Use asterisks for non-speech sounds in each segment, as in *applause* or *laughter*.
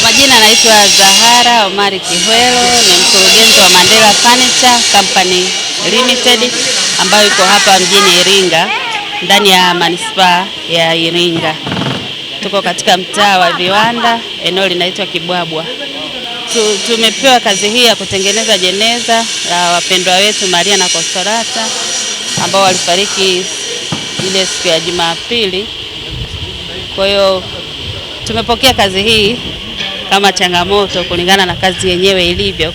Kwa majina naitwa Zahara Omari Kihwelo, ni mkurugenzi wa Mandela Furniture Company Limited ambayo iko hapa mjini Iringa ndani ya manispaa ya Iringa. Tuko katika mtaa wa viwanda, eneo linaitwa Kibwabwa. Tumepewa kazi hii ya kutengeneza jeneza la wapendwa wetu Maria na Consolata ambao walifariki ile siku ya Jumapili. Kwa hiyo tumepokea kazi hii kama changamoto kulingana na kazi yenyewe ilivyo,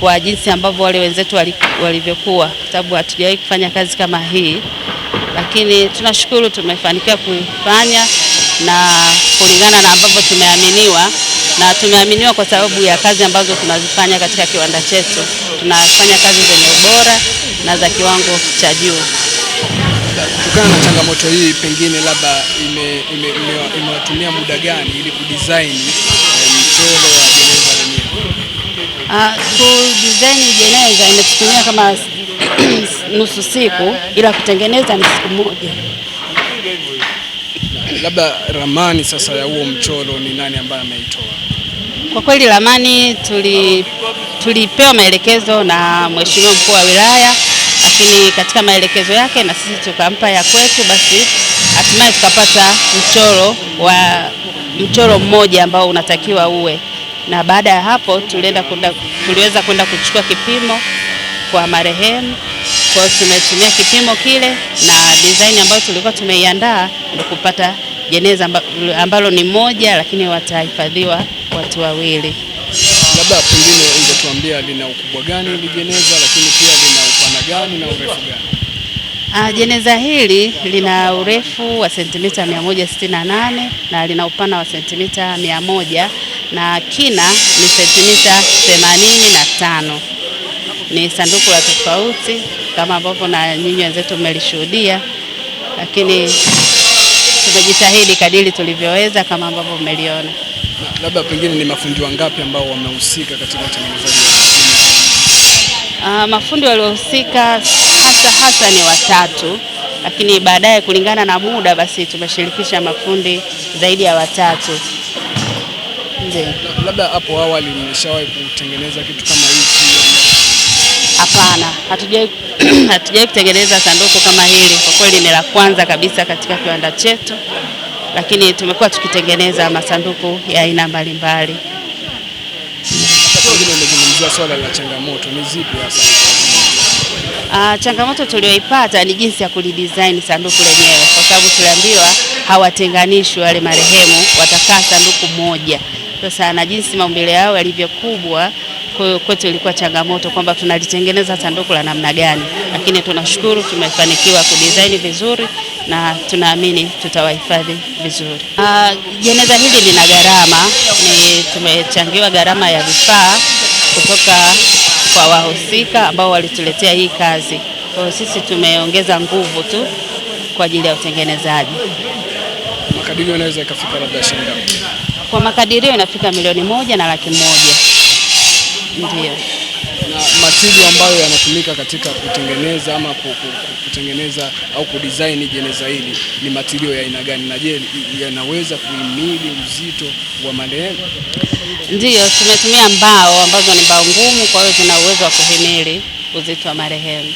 kwa jinsi ambavyo wale wenzetu walivyokuwa, kwa sababu hatujawahi kufanya kazi kama hii, lakini tunashukuru tumefanikiwa kuifanya na kulingana na ambavyo tumeaminiwa na tumeaminiwa kwa sababu ya kazi ambazo tunazifanya katika kiwanda chetu. Tunafanya kazi zenye ubora na za kiwango cha juu kutokana na changamoto hii, pengine labda imewatumia muda gani ili kudesign eh, mchoro wa jeneza lenyewe? Uh, ah, ku design jeneza imetutumia kama *clears throat* nusu siku, ila kutengeneza ni siku moja. Labda ramani sasa ya huo mchoro ni nani ambaye ameitoa? Kwa kweli ramani tulipewa maelekezo na Mheshimiwa mkuu wa wilaya lakini katika maelekezo yake na sisi tukampa ya kwetu, basi hatimaye tukapata mchoro wa mchoro mmoja ambao unatakiwa uwe na baada ya hapo tulienda kunda, tuliweza kwenda kuchukua kipimo kwa marehemu. Kwa hiyo tumetumia kipimo kile na design ambayo tulikuwa tumeiandaa ndio kupata jeneza ambalo ni moja, lakini watahifadhiwa watu wawili labda pengine ungetuambia lina ukubwa gani hili jeneza, lakini pia lina upana gani na urefu gani? Ah, jeneza hili lina urefu wa sentimita 168 na lina upana wa sentimita 100 na kina ni sentimita 85. Ni sanduku la tofauti kama ambavyo na nyinyi wenzetu mmelishuhudia, lakini tumejitahidi kadiri tulivyoweza kama ambavyo mmeliona labda pengine ni mafundi wangapi ambao wamehusika katika utengenezaji wa uh, mafundi waliohusika hasa hasa ni watatu, lakini baadaye kulingana na muda basi tumeshirikisha mafundi zaidi ya watatu. labda hapo awali nimeshawahi kutengeneza kitu kama hiki? Hapana, hatujai *clears throat* hatujai kutengeneza sanduku kama hili, kwa kweli ni la kwanza kabisa katika kiwanda chetu lakini tumekuwa tukitengeneza masanduku ya aina mbalimbali. Umezungumzia swala la changamoto, ni zipi hasa? Uh, changamoto tulioipata ni jinsi ya kulidesign sanduku lenyewe, kwa sababu tuliambiwa hawatenganishwi wale marehemu, watakaa sanduku moja. Sasa na jinsi maumbile yao yalivyokubwa, kwetu ilikuwa changamoto kwamba tunalitengeneza sanduku la namna gani, lakini tunashukuru tumefanikiwa kudesign vizuri na tunaamini tutawahifadhi vizuri. Uh, jeneza hili lina gharama ni tumechangiwa gharama ya vifaa kutoka kwa wahusika ambao walituletea hii kazi. Kwa hiyo sisi tumeongeza nguvu tu kwa ajili ya utengenezaji. Makadirio inaweza ikafika labda shilingi, kwa makadirio inafika milioni moja na laki moja, ndiyo na matibu ambayo yanatumika katika kutengeneza ama kutengeneza au kudesign jeneza hili ni matibio ya aina gani, na je, yanaweza kuhimili uzito wa marehemu? Ndiyo, tumetumia mbao ambazo ni mbao ngumu, kwa hiyo zina uwezo wa kuhimili uzito wa marehemu.